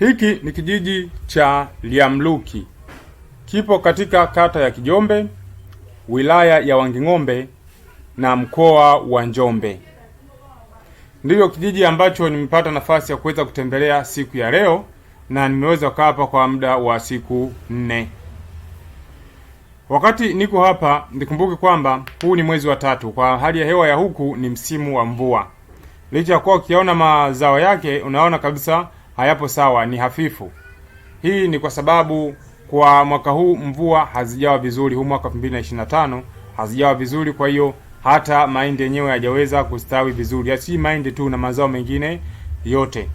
Hiki ni kijiji cha Liamluki, kipo katika kata ya Kijombe, wilaya ya Wanging'ombe na mkoa wa Njombe. Ndiyo kijiji ambacho nimepata nafasi ya kuweza kutembelea siku ya leo na nimeweza kukaa hapa kwa muda wa siku nne. Wakati niko hapa, nikumbuke kwamba huu ni mwezi wa tatu. Kwa hali ya hewa ya huku ni msimu wa mvua, licha ya kuwa ukiona mazao yake unaona kabisa hayapo sawa, ni hafifu. Hii ni kwa sababu kwa mwaka huu mvua hazijawa vizuri, huu mwaka 2025 hazijawa vizuri, kwa hiyo hata mahindi yenyewe hayajaweza kustawi vizuri, si mahindi tu na mazao mengine yote.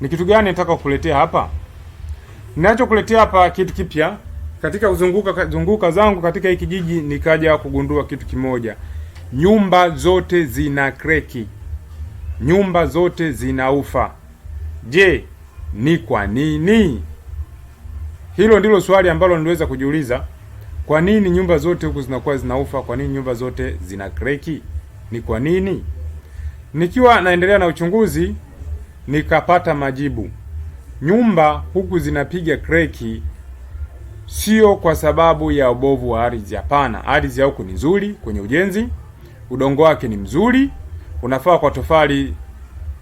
Ni kitu gani nataka kukuletea hapa? Ninachokuletea hapa kitu kipya. Katika kuzunguka zunguka zangu katika hii kijiji, nikaja kugundua kitu kimoja, nyumba zote zina kreki, nyumba zote zinaufa. Je, ni kwa nini? Hilo ndilo swali ambalo niliweza kujiuliza. Kwa nini nyumba zote huku zinakuwa zinaufa? Kwa nini nyumba zote zina kreki? Ni kwa nini? Nikiwa naendelea na uchunguzi, nikapata majibu. Nyumba huku zinapiga kreki sio kwa sababu ya ubovu wa ardhi. Hapana, ardhi ya huku ni nzuri kwenye ujenzi, udongo wake ni mzuri, unafaa kwa tofali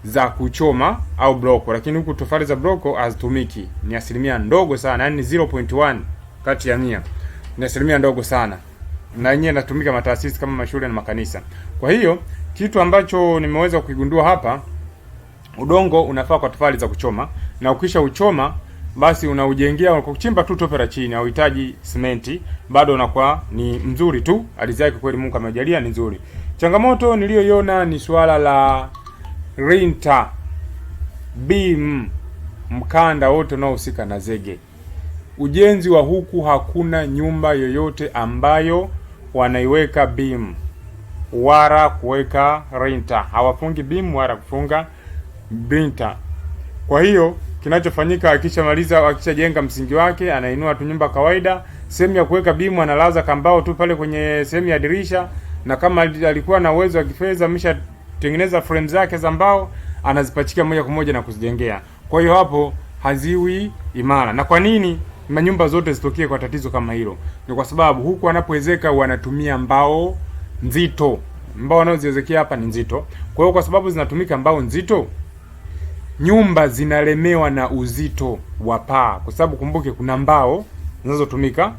za kuchoma au broko, lakini huku tofali za broko hazitumiki, ni asilimia ndogo sana, yani 0.1 kati ya 100, ni asilimia ndogo sana, na yenyewe inatumika mataasisi kama mashule na makanisa. Kwa hiyo kitu ambacho nimeweza kuigundua hapa, udongo unafaa kwa tofali za kuchoma, na ukisha uchoma basi unaujengea kwa kuchimba tu tope la chini, hauhitaji simenti, bado unakuwa ni mzuri tu. Ardhi yake kweli Mungu amejalia ni nzuri. Changamoto niliyoiona ni swala la rinta, bim, mkanda wote unaohusika na zege. Ujenzi wa huku, hakuna nyumba yoyote ambayo wanaiweka bim wara kuweka rinta, hawafungi bim wara kufunga rinta. Kwa hiyo kinachofanyika akishamaliza, akishajenga msingi wake, anainua tu nyumba kawaida, sehemu ya kuweka bimu analaza kambao tu pale kwenye sehemu ya dirisha, na kama alikuwa na uwezo wa kifedha, amesha kutengeneza frame zake za mbao anazipachikia moja kwa moja na kuzijengea. Kwa hiyo hapo haziwi imara. Na kwa nini manyumba zote zitokee kwa tatizo kama hilo? Ni kwa sababu huku anapowezeka wanatumia mbao nzito. Mbao wanaoziwezekea hapa ni nzito. Kwa hiyo kwa sababu zinatumika mbao nzito, nyumba zinalemewa na uzito wa paa, kwa sababu kumbuke, kuna mbao zinazotumika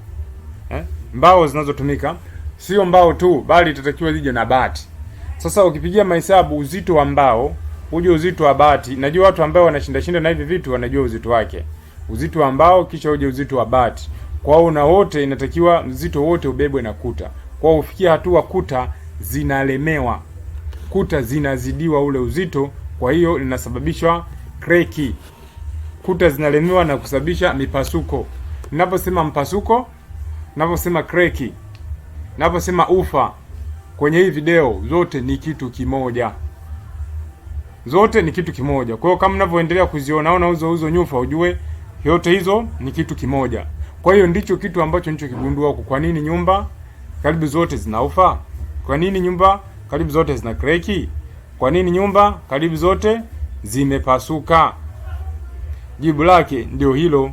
eh, mbao zinazotumika sio mbao tu, bali itatakiwa zije na bati. Sasa ukipigia mahesabu uzito wa mbao uje uzito wa bati, najua watu ambao wanashinda shinda na hivi vitu wanajua uzito wake, uzito wa mbao kisha uje uzito wa bati. Kwao na wote inatakiwa mzito wote ubebwe na kuta, kwao ufikia hatua kuta zinalemewa, kuta zinazidiwa ule uzito, kwa hiyo linasababishwa kreki. Kuta zinalemewa na kusababisha mipasuko. Ninaposema mpasuko, ninaposema kreki, ninaposema ufa kwenye hii video zote ni kitu kimoja, zote ni kitu kimoja. Kwa hiyo kama mnavyoendelea kuzionaona uzo uzo nyufa, ujue yote hizo ni kitu kimoja. Kwa hiyo ndicho kitu ambacho kigundua huko. Kwa nini nyumba karibu zote zinaufa? Kwa nini nyumba karibu zote zina kreki? Kwa nini nyumba karibu zote zimepasuka? Jibu lake ndio hilo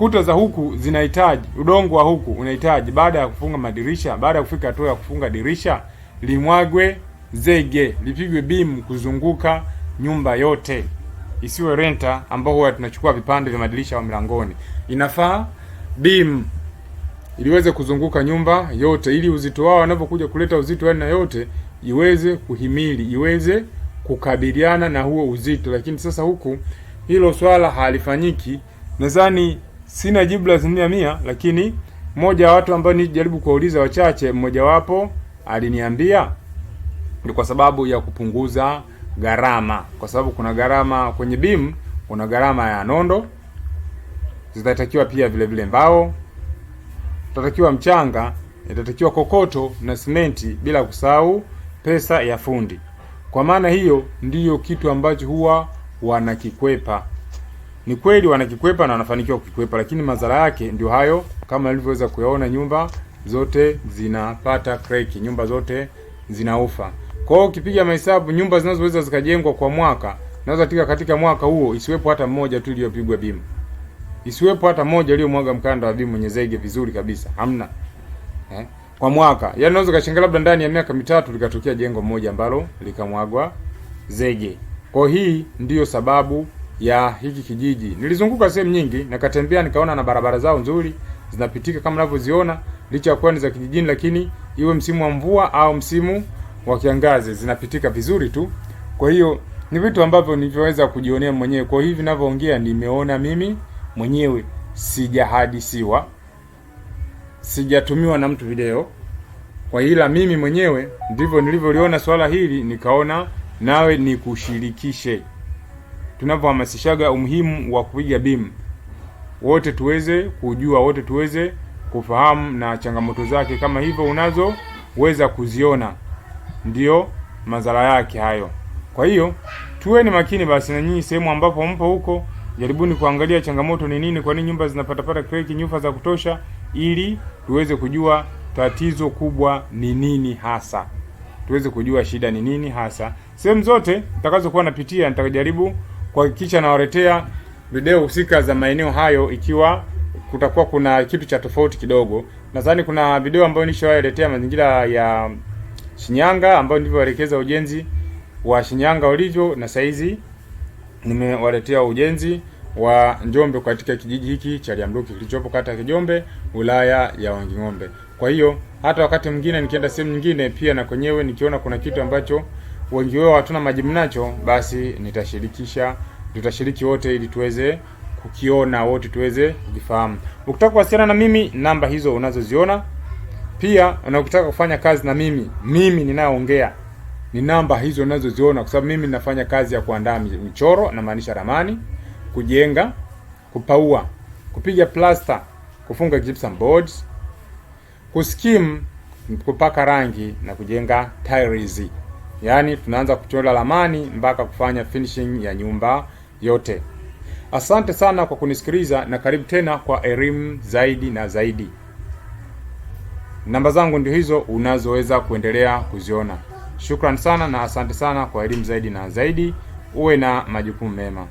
kuta za huku zinahitaji udongo wa huku unahitaji, baada ya kufunga madirisha, baada ya kufika hatua ya kufunga dirisha, limwagwe zege, lipigwe bimu kuzunguka nyumba yote, isiwe renta ambao huwa tunachukua vipande vya madirisha wa milangoni. Inafaa bimu iliweze kuzunguka nyumba yote, ili uzito wao wanapokuja kuleta uzito wa aina yote iweze kuhimili, iweze kukabiliana na huo uzito. Lakini sasa huku hilo swala halifanyiki, nadhani Sina jibu la asilimia mia, lakini mmoja wa watu ambao nijaribu kuwauliza wachache, mmojawapo aliniambia ni kwa sababu ya kupunguza gharama, kwa sababu kuna gharama kwenye BIM, kuna gharama ya nondo zitatakiwa pia vile vile, mbao tatakiwa mchanga itatakiwa, kokoto na simenti, bila kusahau pesa ya fundi. Kwa maana hiyo ndiyo kitu ambacho huwa wanakikwepa. Ni kweli wanakikwepa na wanafanikiwa kukikwepa, lakini madhara yake ndio hayo, kama nilivyoweza kuyaona, nyumba zote zinapata kreki, nyumba zote zinaufa. Kwa hiyo ukipiga mahesabu, nyumba zinazoweza zikajengwa kwa mwaka naweza tika katika mwaka huo isiwepo hata mmoja tu iliyopigwa bimu, isiwepo hata mmoja iliyomwaga mkanda wa bimu nyezege vizuri kabisa, hamna eh? Kwa mwaka yaani, unaweza kashangaa labda ndani ya miaka mitatu likatokea jengo moja ambalo likamwagwa zege. Kwa hii ndiyo sababu ya hiki kijiji. Nilizunguka sehemu nyingi, nikatembea, nikaona na barabara zao nzuri zinapitika kama unavyoziona, licha ya kuwa ni za kijijini, lakini iwe msimu wa mvua au msimu wa kiangazi zinapitika vizuri tu. Kwa hiyo ni vitu ambavyo nilivyoweza kujionea mwenyewe. Kwa hivi ninavyoongea, nimeona mimi mwenyewe, sijahadisiwa, sijatumiwa na mtu video kwa, ila mimi mwenyewe ndivyo nilivyoliona swala hili, nikaona nawe nikushirikishe tunavyohamasishaga umuhimu wa kupiga BIM, wote tuweze kujua, wote tuweze kufahamu na changamoto zake, kama hivyo unazoweza kuziona, ndiyo madhara yake hayo. Kwa hiyo tuweni makini basi, na nyinyi sehemu ambapo mpo huko, jaribuni kuangalia changamoto ni nini, kwa nini nyumba zinapatapata kreki, nyufa za kutosha, ili tuweze kujua tatizo kubwa ni nini hasa, tuweze kujua shida ni nini hasa. Sehemu zote nitakazokuwa napitia nitajaribu kuhakikisha nawaletea video husika za maeneo hayo, ikiwa kutakuwa kuna kitu cha tofauti kidogo. Nadhani kuna video ambayo nishawaletea mazingira ya Shinyanga ambayo nilivyoelekeza ujenzi wa Shinyanga ulivyo, na saizi nimewaletea ujenzi wa Njombe katika kijiji hiki cha Liamruki kilichopo kata Kijombe, wilaya ya Wanging'ombe. Kwa hiyo hata wakati mwingine nikienda sehemu nyingine, pia na kwenyewe nikiona kuna kitu ambacho wengi wao hatuna maji mnacho, basi nitashirikisha, tutashiriki wote ili tuweze kukiona wote tuweze kujifahamu. Ukitaka kuwasiliana na mimi, namba hizo unazoziona pia, na ukitaka kufanya kazi na mimi, mimi ninayoongea ni namba hizo unazoziona, kwa sababu mimi ninafanya kazi ya kuandaa michoro na maanisha ramani, kujenga, kupaua, kupiga plaster, kufunga gypsum boards, kuskim, kupaka rangi na kujenga tiles yaani tunaanza kuchora ramani mpaka kufanya finishing ya nyumba yote. Asante sana kwa kunisikiliza na karibu tena kwa elimu zaidi na zaidi. Namba zangu ndio hizo unazoweza kuendelea kuziona. Shukran sana na asante sana kwa elimu zaidi na zaidi. Uwe na majukumu mema.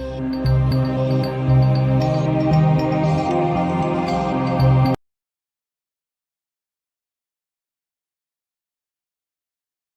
Thank you.